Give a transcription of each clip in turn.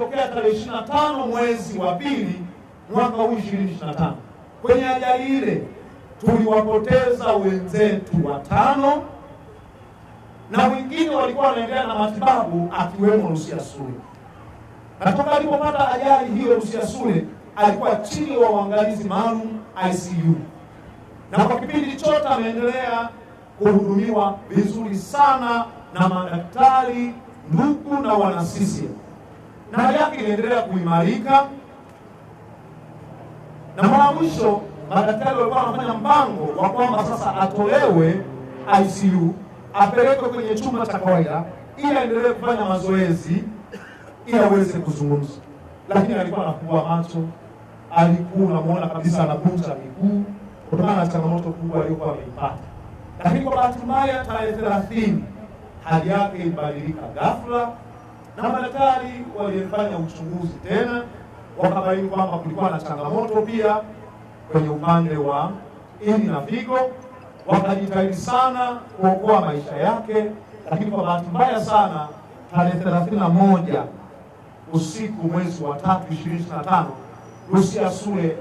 ilitokea tarehe 25 mwezi wa pili mwaka huu ishirini Kwenye ajali ile tuliwapoteza wenzetu watano na wengine walikuwa wanaendelea na matibabu akiwemo Lucia Sule, na toka alipopata ajali hiyo Lucia Sule alikuwa chini wa uangalizi maalum ICU, na kwa kipindi chote ameendelea kuhudumiwa vizuri sana na madaktari ndugu na wanasisia na hali yake inaendelea kuimarika. Na mara mwisho madaktari walikuwa wanafanya mpango wa kwamba sasa atolewe ICU apelekwe kwenye chumba cha kawaida ili aendelee kufanya mazoezi ili aweze kuzungumza, lakini alikuwa anafungua macho, alikuwa unamwona kabisa anapunja miguu kutokana na changamoto kubwa aliyokuwa ameipata. Lakini kwa bahati mbaya, tarehe 30 hali yake ilibadilika ghafla na madaktari walifanya uchunguzi tena, wakabaini kwamba kulikuwa na changamoto pia kwenye upande wa ini na figo. Wakajitahidi sana kuokoa maisha yake, lakini kwa bahati mbaya sana tarehe 31 usiku mwezi wa tatu 2025 Lucia Sule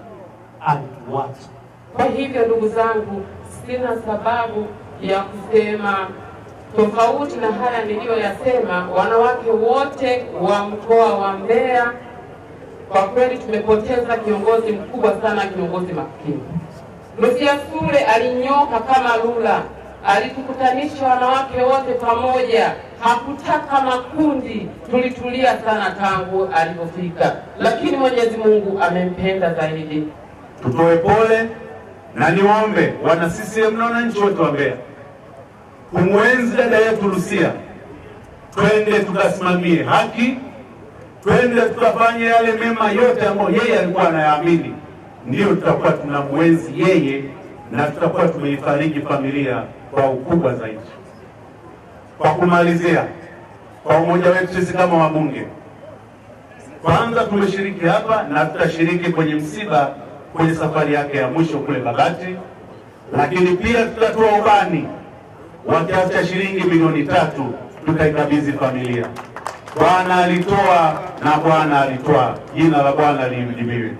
alituacha. Kwa hivyo ndugu zangu, sina sababu ya kusema tofauti na haya niliyoyasema, wanawake wote wa mkoa wa Mbeya, kwa kweli tumepoteza kiongozi mkubwa sana, kiongozi makini. Lusia Sule alinyoka kama lula, alitukutanisha wanawake wote pamoja, hakutaka makundi, tulitulia sana tangu alipofika, lakini Mwenyezi Mungu amempenda zaidi. Tutoe pole na niwaombe wana CCM na wananchi wote wa Mbeya kumwenzi dada yetu Lusia, twende tukasimamie haki, twende tukafanye yale mema yote ambayo yeye alikuwa anayaamini, ndiyo tutakuwa tunamwenzi yeye na tutakuwa tumeifariji familia kwa ukubwa zaidi. Kwa kumalizia, kwa umoja wetu sisi kama wabunge, kwanza tumeshiriki hapa na tutashiriki kwenye msiba, kwenye safari yake ya mwisho kule Babati, lakini pia tutatoa ubani wa kiasi cha shilingi milioni tatu tutaikabidhi familia. Bwana alitoa na Bwana alitoa jina la Bwana lihimidiwe.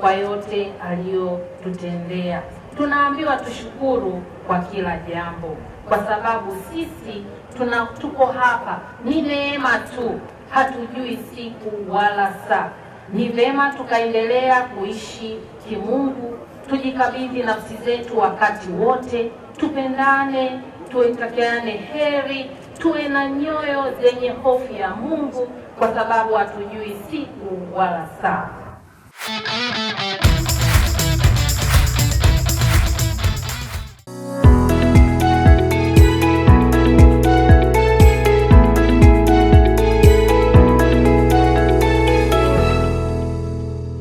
Kwa yote aliyotutendea, tunaambiwa tushukuru kwa kila jambo, kwa sababu sisi tuna tuko hapa ni neema tu, hatujui siku wala saa. Ni vema tukaendelea kuishi kimungu, tujikabidhi nafsi zetu wakati wote, tupendane tuitakiane heri, tuwe na nyoyo zenye hofu ya Mungu kwa sababu hatujui siku wala saa.